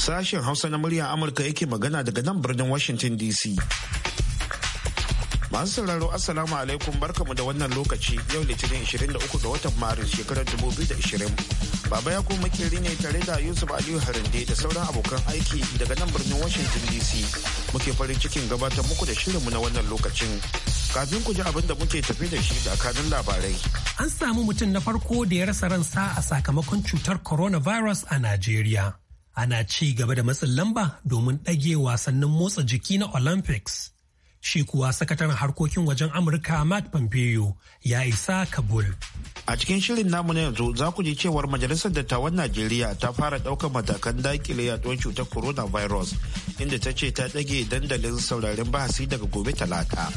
Sashen Hausa na murya Amurka yake magana daga nan birnin Washington DC. Masu sauraro Assalamu alaikum barkamu da wannan lokaci yau Litinin 23 ga watan Maris shekarar 2020. Baba ya kuma kiri ne tare da Yusuf Aliyu harinde da sauran abokan aiki daga nan birnin Washington DC. Muke farin cikin gabatar muku da shirinmu na wannan lokacin. kafin ku ji abin da muke tafi da shi da kanun labarai. An samu mutum na farko da ya rasa ransa a sakamakon cutar coronavirus a Najeriya. ana ci gaba da matsin lamba domin ɗage wasannin motsa jiki na olympics shi kuwa sakataren harkokin wajen amurka matt pompeo ya isa kabul a cikin shirin namu na yanzu za ku ji cewar majalisar dattawan najeriya ta fara ɗaukar matakan dakile yaduwar cutar coronavirus inda ta ce ta ɗage dandalin saurarin bahasi daga gobe talata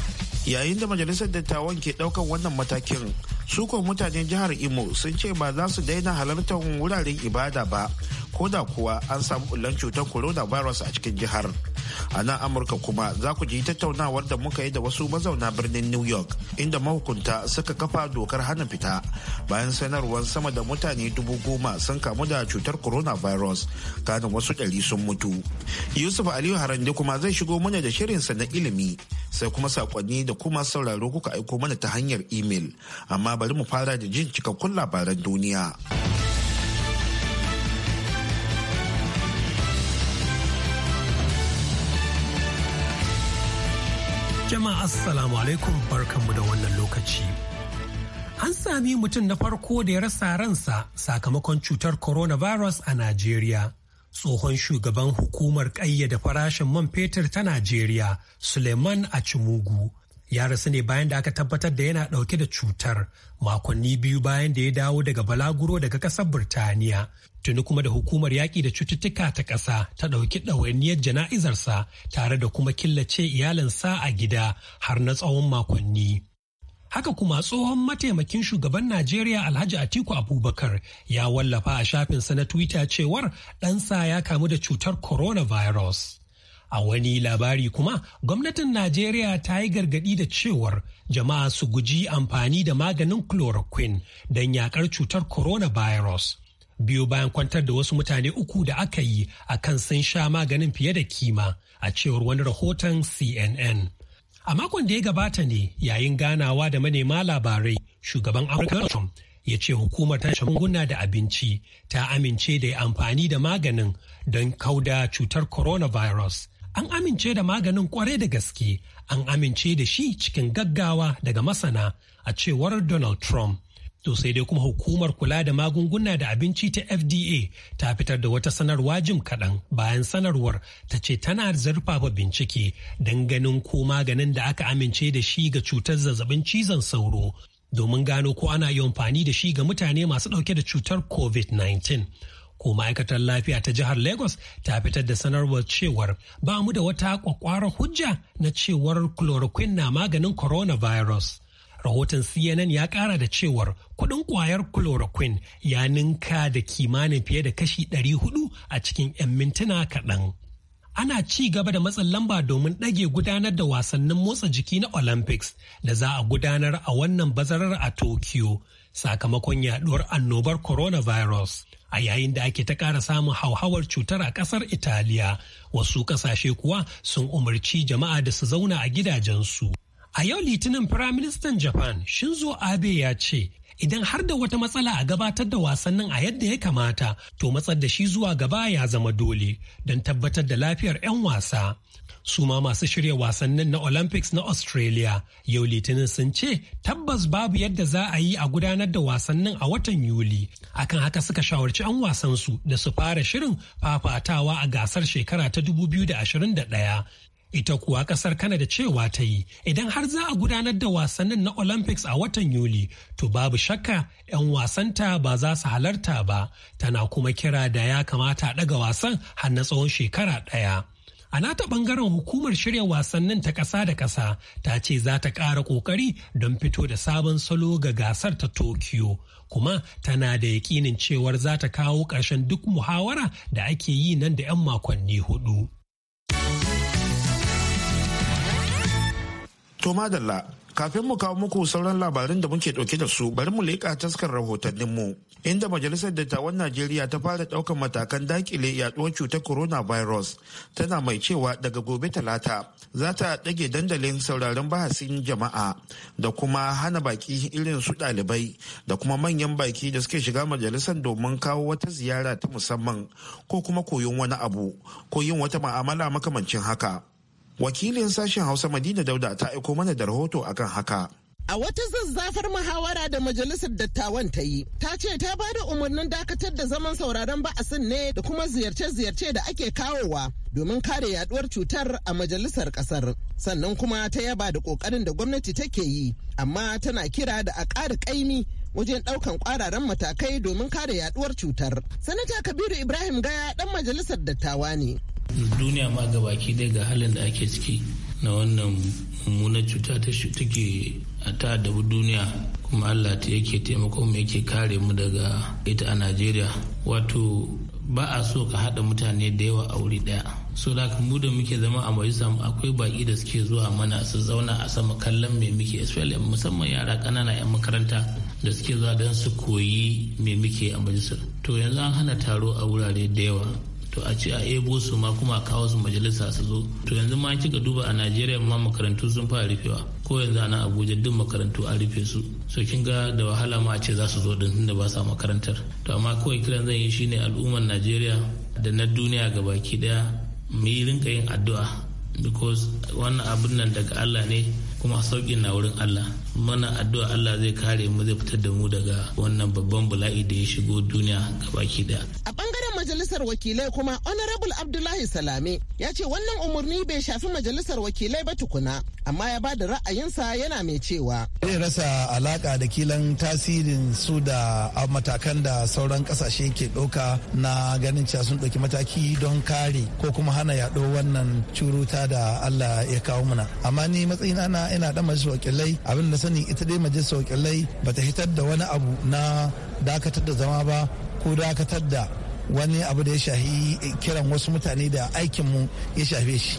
yayin da majalisar dattawan ke ɗaukar wannan matakin sukan mutanen jihar imo sun ce ba za su daina halartar wuraren ibada ba ko da kuwa an samu ɓullan cutar corona virus a cikin jihar a nan amurka kuma za ku ji tattaunawar da muka yi da wasu mazauna birnin new york inda mahukunta suka kafa dokar hana fita bayan sanarwar sama da mutane dubu goma sun kamu da cutar corona virus kanin wasu ɗari sun mutu yusuf aliyu harande kuma zai shigo mana da shirinsa na ilimi sai kuma sakonni da kuma sauraro kuka aiko mana ta hanyar imel amma bari mu fara da jin cikakkun labaran duniya. Jama'a Assalamu alaikum barkanmu da wannan lokaci. An sami mutum na farko da ya rasa ransa sakamakon cutar coronavirus a Najeriya. Tsohon shugaban hukumar ƙayyada farashin man fetur ta Najeriya, Suleiman Achimugu, ya rasu ne bayan da aka tabbatar da yana ɗauke da cutar makonni biyu bayan da ya dawo daga balaguro daga ƙasar Birtaniya. Tuni kuma da hukumar yaƙi da cututtuka ta ƙasa ta ɗauki ɗawainiyar jana'izarsa tare da kuma killace iyalinsa a gida har na tsawon makonni. Haka kuma tsohon mataimakin shugaban Najeriya Alhaji Atiku Abubakar ya wallafa a shafinsa na Twitter cewar ɗansa ya kamu da cutar coronavirus. A wani labari kuma, gwamnatin Najeriya ta yi gargaɗi da cewar jama'a su guji amfani da maganin chloroquine don yakar cutar coronavirus. Biyu bayan kwantar da wasu mutane uku da aka yi a kan sun sha maganin fiye da kima a cewar wani rahoton CNN. A makon da ya gabata ne yayin ganawa da manema labarai shugaban Amurka ya ce hukumar ta shagunguna da abinci ta amince da amfani da maganin don kauda cutar coronavirus an amince da maganin kwarai da gaske an amince da shi cikin gaggawa daga masana a cewar donald trump to sai dai kuma hukumar kula da magunguna da abinci ta fda ta fitar da wata sanarwa jim kaɗan bayan sanarwar ta ce tana zurfafa bincike don ganin ko maganin da aka amince da shi ga cutar zazzabin cizon sauro domin gano ko ana yi amfani da shi ga mutane masu ɗauke da cutar covid-19 ko ma'aikatar lafiya ta jihar lagos ta fitar da sanarwar cewar ba mu da wata kwakwara hujja na cewar chloroquine na maganin coronavirus rahoton cnn ya kara da cewar kudin kwayar chloroquine ya ninka da kimanin fiye da kashi 400 a cikin 'yan mintuna kaɗan ana ci gaba da matsin lamba domin ɗage gudanar da wasannin motsa jiki na olympics da za a gudanar a wannan bazarar a tokyo sakamakon yaduwar annobar coronavirus a yayin da ake ta ƙara samun hauhawar cutar a ƙasar italiya wasu ƙasashe kuwa sun umarci jama'a da su zauna a gidajensu a yau litinin firaministan japan shinzo abe ya ce idan har da wata matsala a gabatar da wasannin a yadda ya kamata to matsar da shi zuwa gaba ya zama dole don tabbatar da lafiyar 'yan wasa su ma masu shirya wasannin na olympics na australia yau litinin sun ce tabbas babu yadda za a yi a gudanar da wasannin a watan yuli akan haka suka shawarci an wasansu da su fara shirin fafatawa a gasar shekara ta 2021 ita kuwa kasar Kanada cewa ta yi idan har za a gudanar da wasannin na Olympics a watan Yuli to babu shakka 'yan wasanta ba za su halarta ba tana kuma kira da ya kamata ɗaga wasan har na tsawon shekara ɗaya. A nata bangaren hukumar shirya wasannin ta ƙasa da ƙasa ta ce za ta ƙara ƙoƙari don fito da sabon salo ga gasar ta Tokyo, kuma tana da yaƙinin cewar za ta kawo ƙarshen duk muhawara da ake yi nan da 'yan makonni hudu. To madalla Kafin mu kawo muku sauran labarin da muke ɗauke da su bari mu leƙa taskar rahotannin mu inda Majalisar Dattawan Najeriya ta fara ɗaukar matakan dakile yaduwar cutar coronavirus tana mai cewa daga gobe talata za ta ɗage dandalin sauraron bahasin jama'a da kuma hana baki irin su ɗalibai da kuma manyan baki da suke shiga majalisar domin kawo wata ziyara ta musamman ko kuma koyon wani abu ko yin wata ma'amala makamancin haka. wakilin sashen hausa madina dauda ta aiko mana da rahoto akan haka A wata zazzafar muhawara da majalisar dattawan ta yi, ta ce ta ba da umarnin dakatar da zaman sauraron ba'asin ne da kuma ziyarce-ziyarce da ake kawowa domin kare yaduwar cutar a majalisar kasar. Sannan kuma ta yaba da kokarin da gwamnati take yi, amma tana kira da a ƙara ƙaimi wajen ɗaukan ƙwararren matakai domin kare yaduwar cutar. Sanata Kabiru Ibrahim Gaya ɗan majalisar dattawa ne. duniya ma ga baki dai ga halin da ake ciki na wannan mummunar cuta ta a ta dabu duniya kuma allah ta yake taimako mu yake kare mu daga ita a najeriya wato ba a so ka haɗa mutane da yawa a wuri ɗaya so da mu da muke zama a majalisa akwai baƙi da suke zuwa mana su zauna a sama kallon me muke especially musamman yara ƙanana 'yan makaranta da suke zuwa don su koyi me muke a majalisar to yanzu an hana taro a wurare da yawa to a ce a ebo su ma kuma kawo su majalisa su zo to yanzu ma kika duba a najeriya ma makarantu sun fara rufewa ko yanzu ana abuja duk makarantu a rufe su so kin ga da wahala ma a ce za su zo din tunda ba sa makarantar to amma kawai kiran zan yi shine al'ummar najeriya da na duniya ga baki daya mu yi rinka yin addu'a because wannan abin nan daga allah ne kuma sauƙin na wurin Allah mana addu'a Allah zai kare mu zai fitar da mu daga wannan babban bala'i da ya shigo duniya gabaki daya majalisar wakilai kuma honorable abdullahi salame ya ce wannan umarni bai shafi majalisar wakilai ba tukuna amma ya ba da ra'ayinsa yana mai cewa zai rasa alaka da kilan tasirin su da matakan da sauran kasashe ke ɗauka na ganin cewa sun ɗauki mataki don kare ko kuma hana yaɗo wannan curuta da allah ya kawo mana amma ni matsayin ana ina dan majalisar wakilai abin da sani ita dai majalisar wakilai bata hitar da wani abu na dakatar da zama ba ko dakatar da wani abu da ya shahi kiran wasu mutane da aikinmu ya shafe shi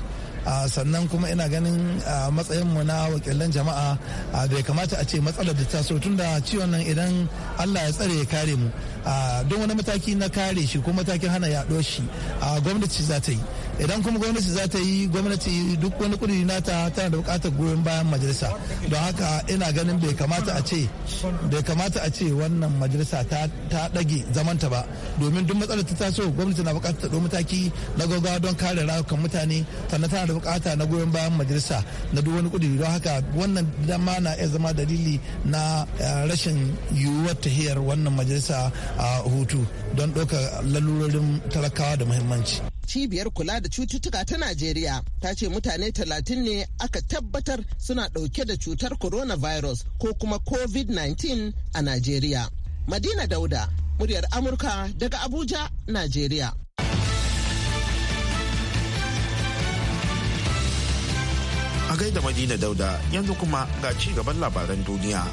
sannan kuma ina ganin matsayinmu na wakilan jama'a bai kamata a ce matsalar da ta so tunda ciwon nan idan allah ya tsare ya kare mu don wani mataki na kare shi ko matakin hana yaɗo shi a gwamnati za ta yi idan kuma gwamnati za ta yi gwamnati duk wani kudi nata tana da bukatar goyon bayan majalisa don haka ina ganin bai kamata a ce bai kamata a ce wannan majalisa ta ɗage zamanta ba domin duk matsalar ta taso gwamnati na bukatar ta mataki na gaggawa don kare rayukan mutane sannan tana da bukata na goyon bayan majalisa na duk wani kudi don haka wannan dama na iya zama dalili na eh, rashin yiwuwar tahiyar wannan majalisa a hutu don ɗaukar lalurorin talakawa da muhimmanci. Cibiyar kula da cututtuka ta Najeriya ta ce mutane talatin ne aka tabbatar suna ɗauke da cutar coronavirus ko kuma COVID-19 a Najeriya. Madina Dauda, muryar Amurka daga Abuja, Najeriya. A gaida Madina Dauda yanzu kuma ga ci gaban labaran duniya.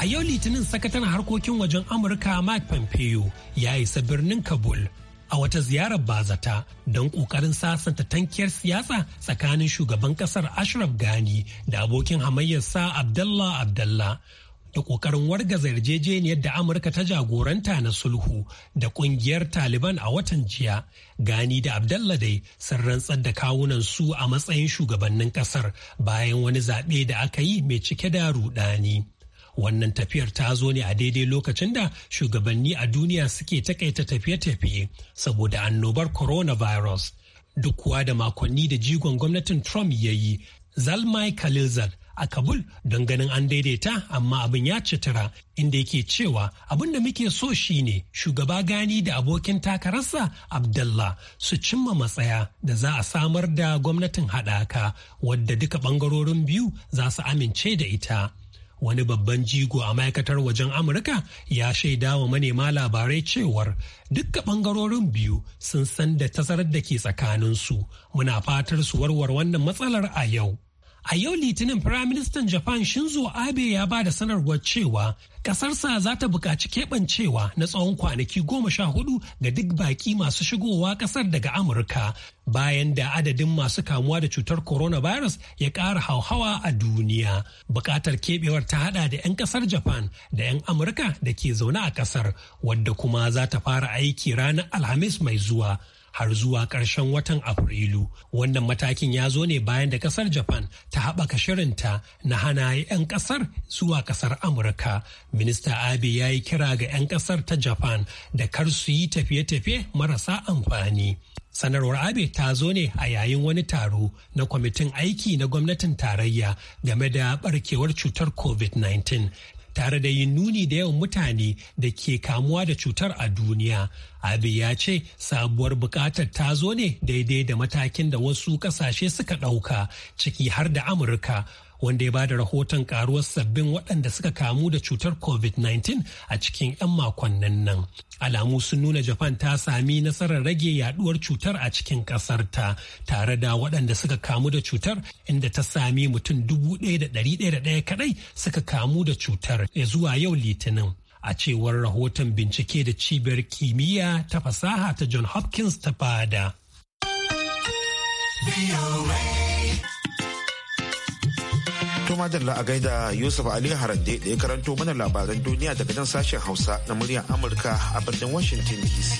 A yau Litinin sakataren harkokin wajen Amurka Mike Pompeo ya isa birnin Kabul a wata ziyarar bazata don ƙoƙarin sasanta tankiyar siyasa tsakanin shugaban ƙasar Ashraf Gani da abokin hamayyarsa Abdallah Abdallah. Da ƙoƙarin wargaza yarjejeniyar da Amurka ta jagoranta na sulhu da ƙungiyar Taliban a watan jiya, Gani da Abdallah dai sun rantsar da kawunan su a matsayin shugabannin ƙasar bayan wani zaɓe da aka yi mai cike da ruɗani. Wannan tafiyar ta zo ne a daidai lokacin da shugabanni a duniya suke takaita tafiye-tafiye saboda annobar coronavirus. Duk kuwa da makonni da jigon gwamnatin Trump ya yi, Zalmai Khalilzad a Kabul don ganin an daidaita amma abin ya citira inda yake cewa abin da muke so shine shugaba gani da abokin takararsa Abdullah su cimma matsaya da za a samar da gwamnatin haɗaka wadda duka ɓangarorin biyu za su amince da ita. wani babban jigo a ma'aikatar wajen amurka ya shaida wa manema labarai cewar dukka bangarorin biyu sun san da tazarar da ke tsakaninsu muna fatar su warware wannan matsalar a yau A yau Litinin Firaministan Japan Shinzo Abe ya ba da sanarwar cewa ƙasarsa za ta buƙaci keɓancewa na tsawon kwanaki goma sha hudu ga duk baƙi masu shigowa ƙasar daga Amurka bayan da adadin masu kamuwa da cutar coronavirus ya ƙara hauhawa a duniya. Buƙatar keɓewar ta haɗa da 'yan ƙasar Japan da 'yan Amurka da ke zaune a ƙasar wadda kuma za ta fara aiki ranar Alhamis mai zuwa. har zuwa ƙarshen watan Afrilu. Wannan matakin ya zo ne bayan da ƙasar Japan ta haɓaka shirinta na hana 'yan ƙasar zuwa ƙasar Amurka. Minista Abe ya yi kira ga 'yan ƙasar ta Japan da kar su yi tafiye-tafiye marasa amfani. Sanarwar Abe ta zo ne a yayin wani taro na kwamitin aiki na gwamnatin tarayya game da barkewar cutar COVID-19 tare da yin nuni da yawan mutane da ke kamuwa da cutar a duniya. abi ya ce sabuwar bukatar ta zo ne daidai da matakin da wasu kasashe suka ɗauka ciki har da Amurka. wanda ya bada rahoton karuwar sabbin waɗanda suka kamu da cutar covid-19 a cikin 'yan makonnin nan alamu sun nuna japan ta sami nasarar rage yaduwar cutar a cikin ƙasar ta tare da waɗanda suka kamu da cutar inda ta sami mutum dubu ɗaya da da ɗaya ɗaya kadai suka kamu da cutar Ya zuwa yau litinin a cewar rahoton bincike da cibiyar kimiyya ta fasaha ta john hopkins ta fada. To madalla a gaida Yusuf Ali Harande da ya karanto mana labaran duniya daga nan sashen Hausa na muryar Amurka a birnin Washington DC.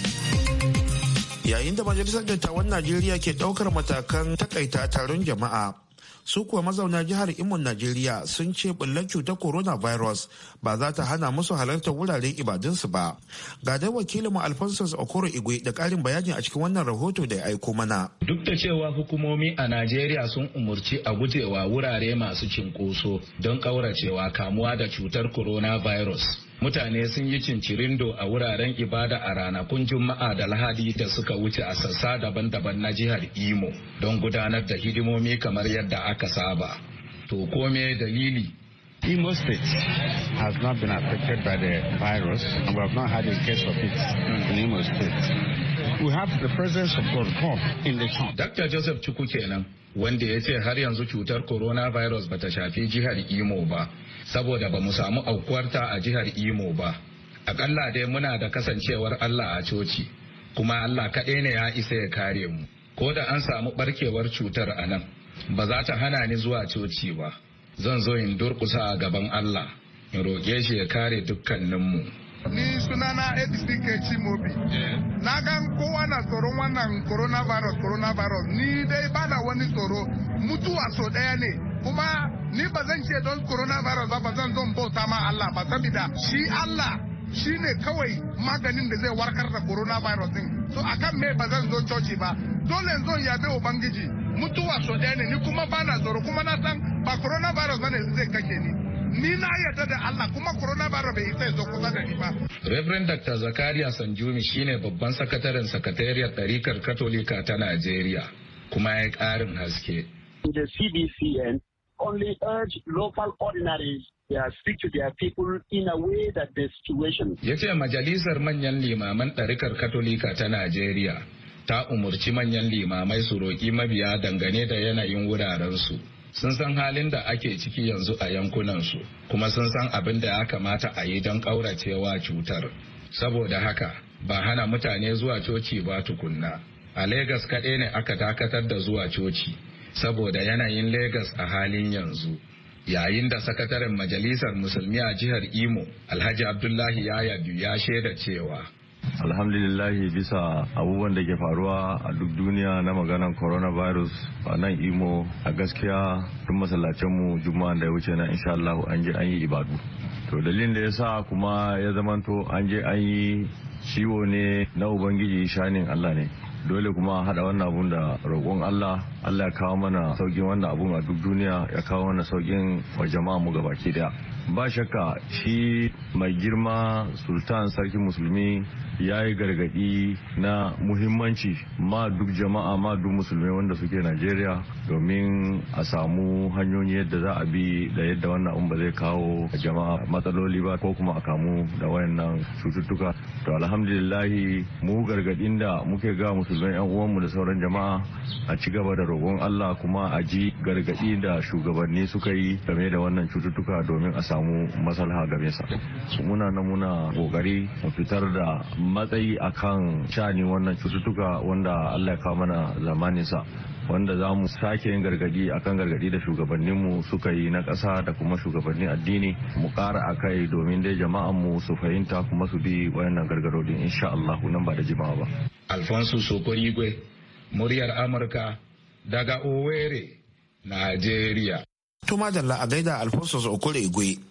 Yayin da Majalisar Dattawan Najeriya ke ɗaukar matakan takaita taron jama'a su kuwa mazauna jihar imon najeriya sun ce bullar cutar coronavirus ba za ta hana musu halartar wuraren ibadunsu ba ga dai wakilinmu alphonsus okoro igwe da karin bayani a cikin wannan rahoto da ya aiko mana duk da cewa hukumomi a najeriya sun umurci a gujewa wurare masu cinkoso don kauracewa kamuwa da cutar coronavirus mutane sun yi cincirindo a wuraren ibada a ranakun juma'a da lahadi da suka wuce a sassa daban-daban na jihar imo don gudanar da hidimomi kamar yadda aka saba to kome dalili Imo State has not been affected by the virus, and we have not had a case of it in Imo State. We have the presence of God come in the camp. Dr. Joseph Chukwu kenan, wanda ya ce har yanzu cutar coronavirus bata shafi jihar Imo ba. saboda ba mu samu aukuwarta a jihar Imo ba. Akalla dai muna da kasancewar Allah a coci, kuma Allah kaɗai ne ya isa ya kare mu. Ko da an samu barkewar cutar a nan, ba za ta hana ni zuwa coci ba. Zan zo in durƙusa a gaban Allah, in roƙe shi ya kare dukkaninmu. ni sunana Edis Dike Chimobi. Na gan kowa na tsoron wannan coronavirus coronavirus ni dai ba wani tsoro mutuwa so daya ne kuma ni bazan zan ce don coronavirus ba ba zan zon bauta ma Allah ba sabida shi Allah shi ne kawai maganin da zai warkar da coronavirus din. So akan me ba zan zo coci ba dole zon yabe Ubangiji mutuwa so ɗaya ne ni kuma ba na tsoro kuma na san ba coronavirus bane ne zai kake ni. ni na da Allah kuma coronavirus bai isa zo kusa da ni ba. Reverend Dr. Zakaria Sanjumi shine babban sakataren sakatariyar ɗarikar Katolika ta Najeriya kuma ya ƙarin haske. The CBCN only urge local ordinaries ya speak to their people in a way that the situation. Ya ce majalisar manyan limaman ɗarikar Katolika ta Najeriya ta umarci manyan limamai su roƙi mabiya dangane da yanayin wurarensu. sun san halin da ake ciki yanzu a yankunansu kuma sun san abin da ya kamata a yi don ƙauracewa cutar saboda haka ba hana mutane zuwa coci ba tukunna a Legas kaɗai ne aka dakatar da zuwa coci saboda yanayin Legas a halin yanzu yayin da sakataren majalisar musulmi a jihar imo alhaji abdullahi ya yaya ya shaida cewa alhamdulillahi bisa abubuwan da ke faruwa a duk duniya na maganan coronavirus a nan imo a gaskiya duk mu juma'a da ya wuce na insha Allah an je an yi ibadu to dalilin da ya sa kuma ya zamanto an je an yi ciwo ne na ubangiji shanin Allah ne dole kuma haɗa wannan abun da roƙon Allah Allah ya kawo mana sauƙin wannan abun a duk duniya ya kawo mana sauƙin wa jama'a mu gabaki daya ba shakka shi mai girma sultan sarki musulmi ya yi gargaɗi na muhimmanci ma duk jama'a ma duk musulmai wanda suke najeriya domin a samu hanyoyi yadda za a bi da yadda wannan umba zai kawo jama'a matsaloli ba ko kuma a kamu da wayannan cututtuka to alhamdulillahi mu gargaɗin da muke ga musulmai yan uwanmu da sauran jama'a a ci gaba da roƙon allah kuma a ji gargaɗi da shugabanni suka yi game da wannan cututtuka domin a samu masalha game sa muna na muna kokari mu fitar da matsayi a kan shani wannan cututtuka wanda Allah ya kawo mana zamaninsa wanda za mu sake yin gargadi kan gargadi da shugabanninmu suka yi na ƙasa da kuma shugabannin addini mu ƙara a kai domin dai jama'anmu su fahimta kuma su bi wayannan gargadodin insha Allah nan ba da jimawa ba. Alfonso Sokorigwe, muryar Amurka daga Owerri, Najeriya. Tuma Jalla a gaida Alfonso Sokorigwe.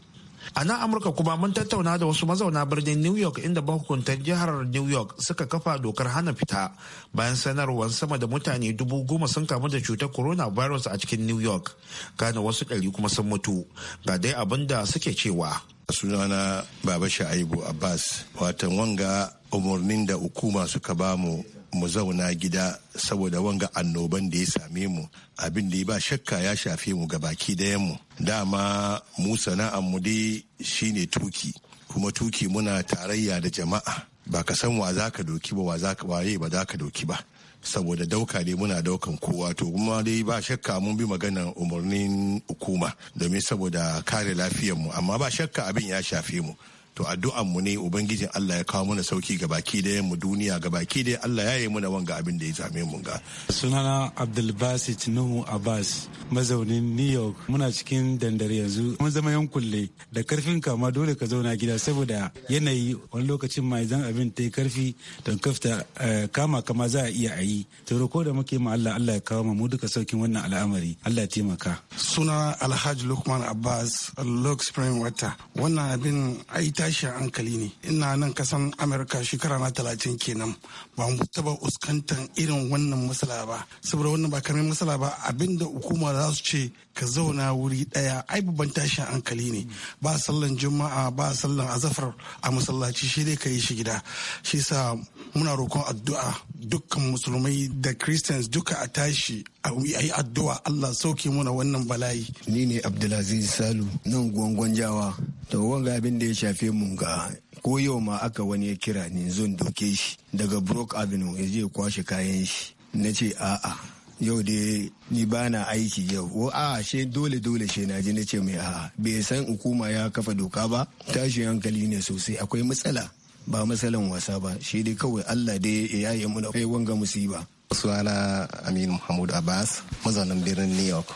A nan Amurka kuma mun tattauna da wasu mazauna birnin New York inda mahukuntar jihar New York suka kafa dokar hana fita bayan sanarwar sama da mutane dubu goma sun kamu da cutar corona virus a cikin New York. Gane wasu ɗari kuma sun mutu. Ga dai abin da suke cewa. Sunana Baba Sha'ibu Abbas, watan wanga umarnin da hukuma suka bamu mu zauna gida saboda wanga annoban da ya same mu abin da ya ba shakka ya shafe mu ga baki gabaki mu dama mu sana'anmu dai shine tuki kuma tuki muna tarayya da jama'a ba ka san wa za ka doki ba wa waye ba za ka doki ba saboda dauka ne muna daukan kowa to kuma dai ba shakka mun bi maganar umarnin hukuma domin saboda kare mu amma ba shakka abin ya shafe mu to addu'an mu ne ubangijin Allah ya kawo mana sauki ga baki da mu duniya ga baki da Allah ya yi mana wanga abin da ya same mu ga sunana Abdulbasit Nuhu Abbas mazaunin New York muna cikin dandare yanzu mun zama yan kulle da karfin kama dole ka zauna gida saboda yanayi wani lokacin ma zan abin ta yi karfi don kafta eh, kama kama za a iya ayi. yi to roko da muke ma Allah Allah ya kawo mu duka saukin wannan al'amari Allah ya taimaka suna Alhaji Lukman Abbas Lok Spring Water wannan abin ai ta tashin hankali ne ina nan kasan amurka shekara na talatin kenan ba mu taba uskantar irin wannan matsala ba saboda wannan ba karamin matsala ba abinda hukuma za su ce ka zauna wuri daya ai babban tashin hankali ne ba sallan juma'a ba sallan azafar a masallaci shi dai ka yi shi gida shi sa muna roƙon addu'a dukkan musulmai da christians duka a tashi a yi addu'a allah sauke muna wannan bala'i ni ne abdulaziz salu nan gwangwan jawa to wanga abin da ya shafe mu ga ko yau ma aka wani ya kira ni zon doke shi daga brook avenue ya je kwashe kayan shi na ce a'a yau dai ni ba na aiki yau o a she dole dole she na ji na ce mai a'a bai san hukuma ya kafa doka ba tashi hankali ne sosai akwai matsala ba matsalan wasa ba shi dai kawai allah dai ya yi mu kai wanga musiba sunana aminu muhammad abbas mazaunin birnin new york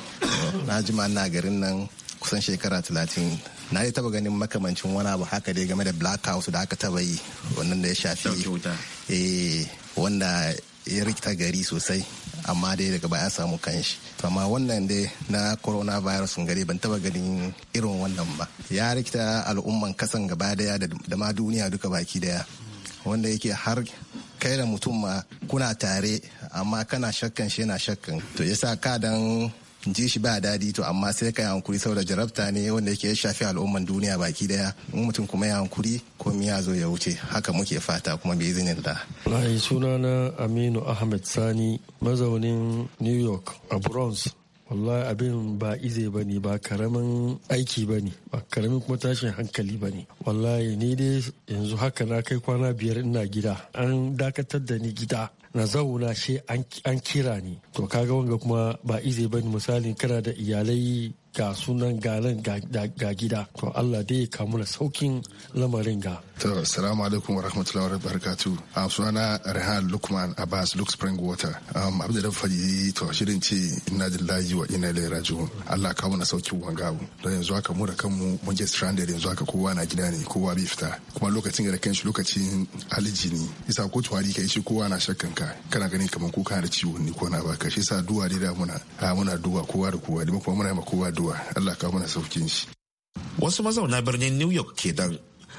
na jima na garin nan kusan shekara talatin na yi taba ganin makamancin wani abu haka dai game da black house da aka taba yi wannan da ya shafi eh, wanda ya rikita gari sosai amma dai daga baya samu kanshi to amma wannan dai na corona coronavirus gari ban taba ganin irin wannan ba ya rikita al'umman kasan gaba daya da ma duniya duka baki daya wanda yake har kai da mutum ma kuna tare amma kana shakkan shi yana shakkan to yasa ka dan ji shi ba daɗi to amma sai ka yi hankuri saboda jarabta ne wanda yake ya shafi al'umman duniya baki daya in mutum kuma ya hankuri ko ya zo ya wuce haka muke fata kuma bai izinin da. sunana Aminu Ahmed Sani mazaunin New York a bronze. wallahi abin ba ize ba ne ba karamin aiki ba ne ba karamin kuma tashin hankali ba ne wallahi ni dai yanzu haka na kai kwana biyar ina gida an dakatar da ni gida na zauna shi an kira ni to kaga wanga kuma ba ize ba ne misalin kana da iyalai ga sunan galan ga gida to Allah dai ya kamu da saukin lamarin ga. To assalamu alaikum wa wabarakatu wa A ah, sunana Rehan Lukman Abbas luk Spring Water. Um, da da fadi to shirin ce da layi wa ina lera raji'un. Allah kamu na saukin wanga abu. Don yanzu haka mu da kanmu mun je stranded yanzu haka kowa na gida ne kowa bai fita. Kuma lokacin da kanshi lokacin aliji ne. Isa ko tuwari kai shi kowa na shakkan ka. Kana ganin kamar kuka da ciwo ni ko na baka. Shi sa duwa dai da muna muna duwa kowa da kowa. da kuma muna yi ma kowa addu'a Allah kawo mana saukin shi wasu mazauna birnin New York ke dan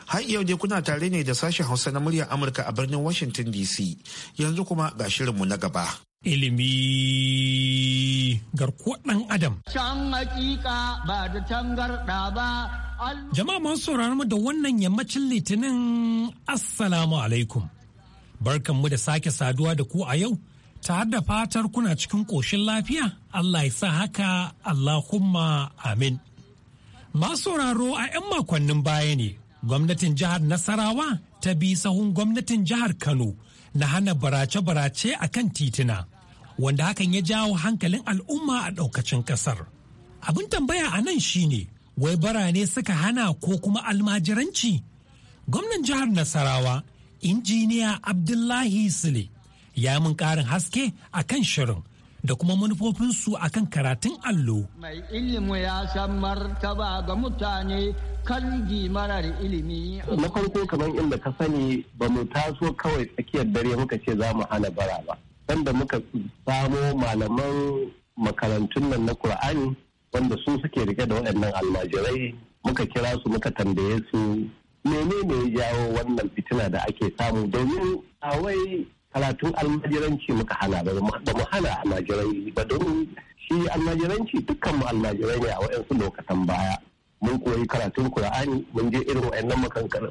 har yau dai kuna tare ne da sashen Hausa na muryar Amurka a birnin Washington DC yanzu kuma ga shirinmu na gaba ilimi garkuwar ɗan adam. Can hakika ba da tangarɗa ba. Jama'a masu sauraron mu da wannan yammacin litinin Assalamu alaikum. Barkanmu da sake saduwa da ku a yau ta da fatar kuna cikin ƙoshin lafiya Allah ya sa haka Allahumma amin. Masu a 'yan makonnin baya ne gwamnatin jihar Nasarawa ta bi sahun gwamnatin jihar Kano na hana barace-barace a kan titina wanda hakan ya jawo hankalin al'umma a ɗaukacin ƙasar. Abin tambaya a nan shine wai barane suka hana ko kuma almajiranci? Gwamnan jihar Nasarawa, injiniya Abdullahi Sule. ya mun ƙarin haske a kan shirin da kuma manufofinsu kan karatun allo. Mai ilimi ya san martaba ga mutane kan marar ilimi. Na farko kamar inda ka sani ba mu taso kawai tsakiyar dare muka ce za mu hana bara ba. wanda muka samo malaman makarantun nan na Kur'ani wanda su suke rike da waɗannan almajirai muka kira su muka tambaye su menene ya jawo wannan fitina da ake samu domin a wai karatun almajiranci muka hana ba mu hana almajirai ba don shi almajiranci dukkan mu almajirai ne a waɗansu lokacin baya mun koyi karatun kur'ani mun je irin waɗannan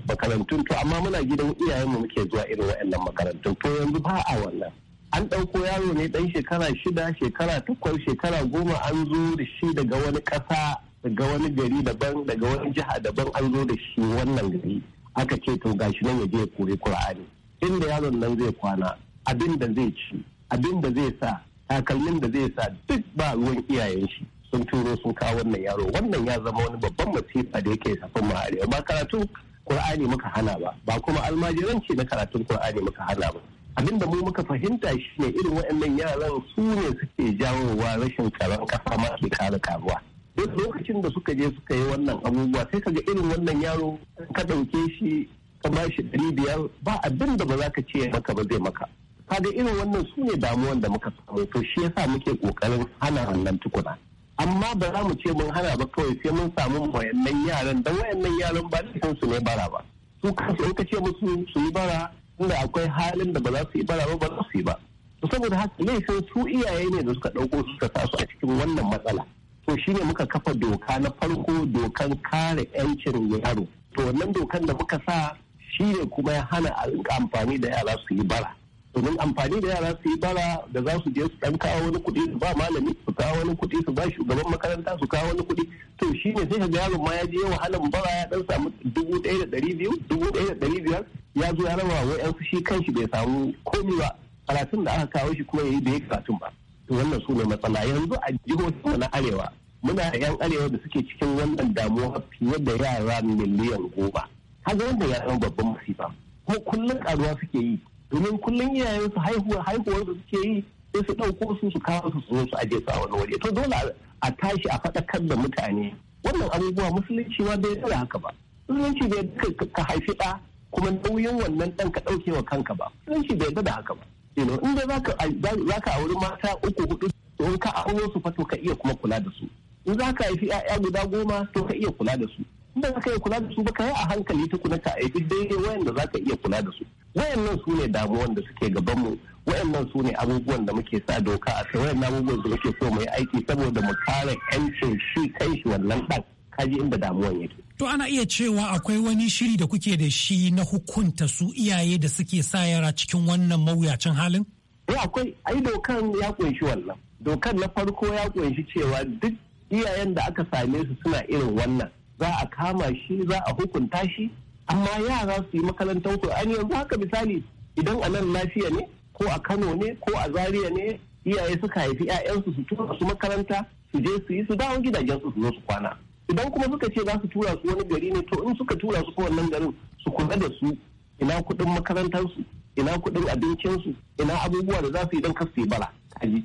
makarantun to amma muna gidan iyayenmu muke zuwa irin waannan makarantun to yanzu ba a wannan an ɗauko yaro ne ɗan shekara shida shekara takwas shekara goma an zo da shi daga wani ƙasa daga wani gari daban daga wani jiha daban an zo da shi wannan gari aka ce to gashi nan ya je ya koyi kur'ani inda yaron nan zai kwana abin da zai ci abin da zai sa takalmin da zai sa duk ba ruwan iyayen shi sun turo sun kawo wannan yaro wannan ya zama wani babban masifa da yake safin mu ba karatun qur'ani muka hana ba ba kuma almajiranci na karatun qur'ani muka hana ba abin da mu muka fahimta shi ne irin waɗannan yaran su ne suke jawo wa rashin karan kasa ma ke kara karuwa duk lokacin da suka je suka yi wannan abubuwa sai ka ga irin wannan yaro ka ɗauke shi ka ba shi ɗari biyar ba abin da ba za ka ce maka ba zai maka kaga irin wannan su ne damuwan da muka samu to shi yasa muke kokarin hana wannan tukuna amma ba za mu ce mun hana ba kawai sai mun samu wayannan yaran dan wayannan yaran ba sun su ne bara ba su kansu in ka ce musu su yi bara inda akwai halin da ba za su yi bara ba ba za su yi ba to saboda haka laifin su iyaye ne da suka ɗauko suka sa su a cikin wannan matsala to shine muka kafa doka na farko dokan kare 'yancin yaro to wannan dokan da muka sa shi ne kuma ya hana a rinka amfani da yara su yi bara domin amfani da yara su yi bara da za su je su dan kawo wani kuɗi su ba malami su kawo wani kuɗi su ba shugaban makaranta su kawo wani kuɗi to shi ne sai ka ga ma ya je wahalan bara ya ɗan samu dubu ɗaya da ɗari biyu dubu ɗaya da ɗari biyar ya zo ya raba wa ƴansu shi kanshi bai samu komi ba karatun da aka kawo shi kuma ya yi bai karatun ba to wannan su ne matsala yanzu a jihohin na arewa muna yan arewa da suke cikin wannan damuwa fiye da yara miliyan goma haka wanda ya zama babban masifa ko kullum karuwa suke yi domin kullum iyayen su haihuwar da suke yi sai su ɗauko su su kawo su su su aje su a wani waje to dole a tashi a faɗakar da mutane wannan abubuwa musulunci ma bai dole haka ba musulunci bai ka haifi ɗa kuma nauyin wannan ɗan ka ɗauke wa kanka ba musulunci bai da haka ba you in dai za ka auri mata uku hudu to in ka auro su fa to ka iya kuma kula da su in za ka haifi 'ya'ya guda goma to ka iya kula da su da za ka iya kula da su ba ka yi a hankali tukuna ka aiki daidai wayanda za ka iya kula da su wayannan su ne damuwan da suke gaban mu wayannan su ne abubuwan da muke sa doka a kai wayannan abubuwan da muke so mai aiki saboda mu kare yancin shi kai shi wannan dan kaji inda damuwan yake to ana iya cewa akwai wani shiri da kuke da shi na hukunta su iyaye da suke sa yara cikin wannan mawuyacin halin ya eh, akwai ai dokan ya kunshi wannan dokan na farko ya kunshi cewa duk iyayen da aka same su suna irin wannan za a kama shi za a hukunta shi amma yara su yi makarantar An yanzu haka misali idan a nan lafiya ne ko a Kano ne ko a Zariya ne iyaye suka haifi 'ya'yansu su tura su makaranta su je su yi su dawo gidajensu su zo su kwana idan kuma suka ce za su tura su wani gari ne to in suka tura su ko wannan garin su kula da su ina kuɗin makarantarsu ina kuɗin abincinsu ina abubuwa da za su yi don yi bara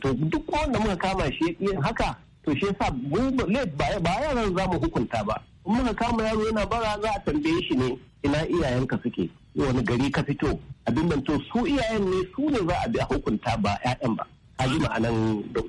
to duk wanda muka kama shi yin haka to shi yasa ba yaran za mu hukunta ba in muka kama yaro yana bara za a tambaye shi ne ina iyayenka suke wani gari ka fito abin nan to su iyayen ne su ne za a bi a hukunta ba 'ya'yan ba a ji ma'anan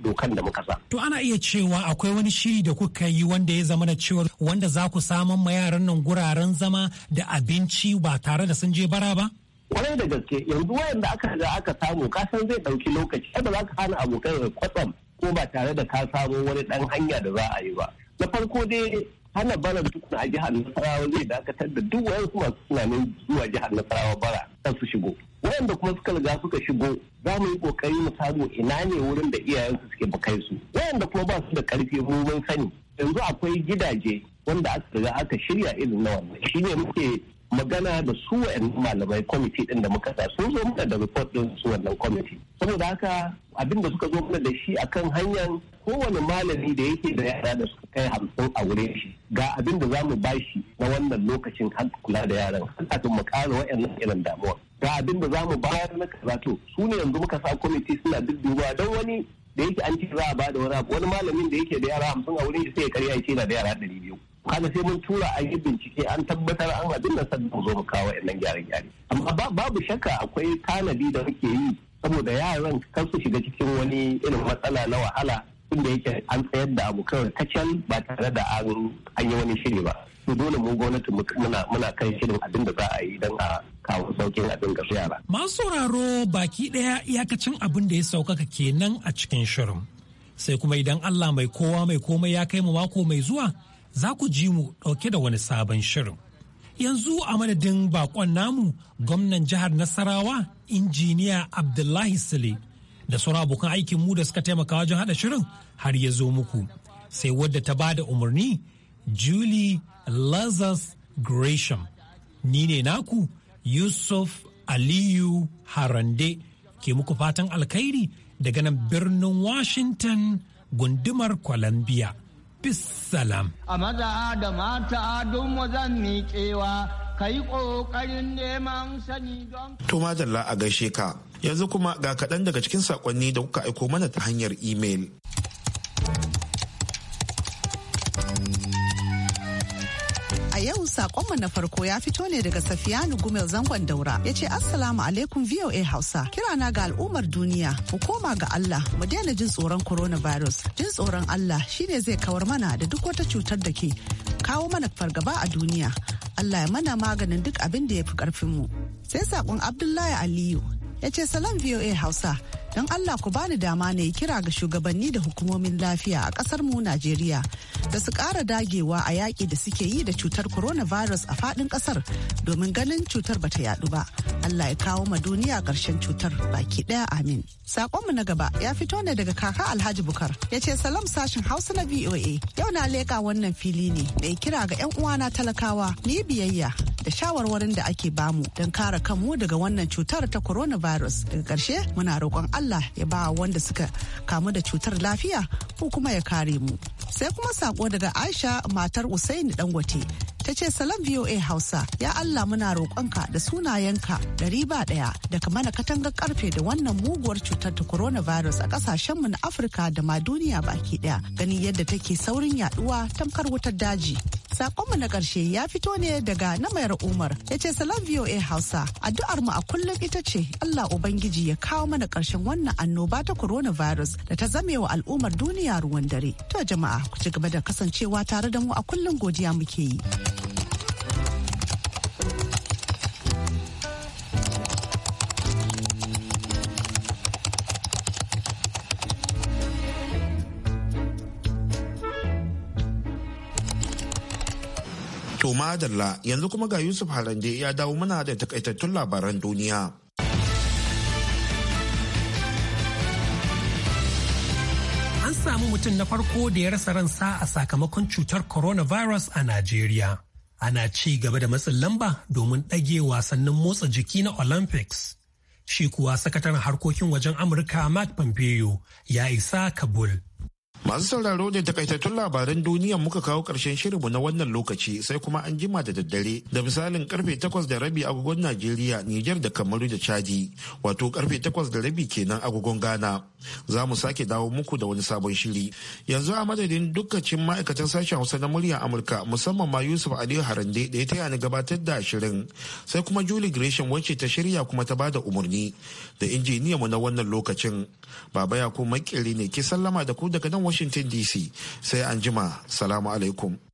dokan da muka sa. To ana iya cewa akwai wani shiri da kuka yi wanda ya zama da cewa wanda za ku saman ma yaran nan guraren zama da abinci ba tare da sun je bara ba? Kwarai da gaske yanzu wayanda aka ga aka samu ka san zai ɗauki lokaci ba za ka hana abokai kwatsam ko ba tare da ka samo wani ɗan hanya da za a yi ba. Na farko dai hana bara tukuna a jihar nasarawa zai dakatar da duk wayansu masu tunanin zuwa jihar nasarawa bara kan su shigo wayanda kuma suka riga suka shigo za mu yi kokari mu samu ina ne wurin da iyayensu suke bakai su wayanda kuma ba su da karfi mu mun sani yanzu akwai gidaje wanda aka riga aka shirya irin na wannan shine muke magana da su wa'yan malamai kwamiti din da muka sa sun zo muka da report din su wannan kwamiti saboda haka abin da suka zo mana da shi akan hanyar kowane malami da yake da yara da suka kai hamsin a wurin shi ga abin da za mu ba shi na wannan lokacin har kula da yaran kafin mu ƙara wa'annan irin damuwa ga abin da za mu bayar na to su ne yanzu muka sa kwamiti suna dudduba don wani da yake an ce za a bada wani wani malamin da yake da yara hamsin a wurin shi sai ya karya ya ce da yara ɗari biyu kaga sai mun tura a yi bincike an tabbatar an abin da san zo mu kawo nan gyare-gyare amma babu shakka akwai tanadi da muke yi saboda yaran kan su shiga cikin wani irin matsala na wahala inda yake an tsayar da abu kawai kacal ba tare da an yi wani shiri ba to dole mu gwamnati muna kai shirin abin da za a yi don a kawo saukin abin ga yara. masu sauraro baki daya iyakacin abin da ya saukaka kenan a cikin shirin sai kuma idan allah mai kowa mai komai ya kai mu mako mai zuwa za ku ji mu ɗauke da wani sabon shirin. Yanzu a madadin bakon namu gwamnan jihar Nasarawa injiniya Abdullahi Sule da sauran abokan aikin mu da suka taimaka wajen haɗa shirin har ya zo muku. Sai wadda ta bada umarni Julie Lazarus Gresham. Ni ne naku Yusuf Aliyu Harande ke muku fatan alkhairi daga nan birnin Washington gundumar Columbia. bisalam. A maza da mata don wazan miƙewa, ka yi ƙoƙarin neman sani don. To Jalla a gaishe ka, yanzu kuma ga kaɗan daga cikin saƙonni da kuka aiko mana ta hanyar imel. Sakonmu na farko ya fito ne daga Safiyanu Gumel Zangon Daura. Ya ce Assalamu alaikum VOA Hausa. Kirana ga al'ummar duniya mu koma ga Allah mu daina jin tsoron coronavirus. Jin tsoron Allah shine zai kawar mana da duk wata cutar da ke kawo mana fargaba a duniya. Allah ya mana maganin duk abin da ya fi karfinmu. Sai sakon Abdullahi Aliyu ya ce salam VOA Hausa. don Allah ku bani dama ne kira ga shugabanni da hukumomin lafiya a kasar mu Najeriya da su ƙara dagewa a yaƙi da suke yi da cutar coronavirus a faɗin ƙasar domin ganin cutar ba ta yaɗu ba. Allah ya kawo ma duniya ƙarshen cutar baki ɗaya amin. Saƙonmu na gaba ya fito ne daga kaka Alhaji Bukar ya ce salam sashen Hausa na VOA yau na leƙa wannan fili ne mai kira ga 'yan uwana talakawa ni biyayya da shawarwarin da ake bamu don kare kanmu daga wannan cutar ta coronavirus daga ƙarshe muna roƙon allah ya ba wanda suka kamu da cutar lafiya ko kuma ya kare mu sai kuma sako daga aisha matar usaini dangote ta ce salam voa hausa ya allah muna roƙonka da sunayenka ɗari ba ɗaya daga mana katangar karfe da wannan muguwar cutar ta coronavirus a mu na afirka da ma duniya baki ɗaya gani yadda take saurin yaduwa tamkar wutar daji Sakonmu na ƙarshe ya fito ne daga Namayar Umar ya ce salam VOA Hausa addu'ar mu a kullum ita ce Allah Ubangiji ya kawo mana ƙarshen wannan annoba ta coronavirus da ta zame wa al'ummar duniya ruwan dare. To jama'a ku ci gaba da kasancewa tare da mu a kullum godiya muke yi. To madalla yanzu kuma ga Yusuf Harande ya dawo mana da takaitattun labaran duniya. An samu mutum na farko da ya rasa ransa a sakamakon cutar coronavirus a Najeriya. Ana ci gaba da matsin lamba domin ɗage wasannin motsa jiki na Olympics. Shi kuwa sakataren harkokin wajen Amurka Mark Pompeo ya isa Kabul. Masu sauraro ne takaitattun labaran duniya muka kawo ƙarshen shirinmu na wannan lokaci sai kuma an jima da daddare da misalin karfe takwas da rabi agogon Najeriya, niger da Kamaru da Chadi, wato karfe takwas da rabi kenan agogon Ghana. Za mu sake dawo muku da wani sabon shiri. Yanzu a madadin dukkacin ma'aikatan sashen Hausa na muryar Amurka musamman ma Yusuf Aliyu Harande da ya taya ni gabatar da shirin. Sai kuma Julie Gresham wacce ta shirya kuma ta bada umarni da injiniyanmu na wannan lokacin. Baba Yakubu makere ne ke sallama da ku daga nan Washington DC. Sai an jima. Salamu alaikum.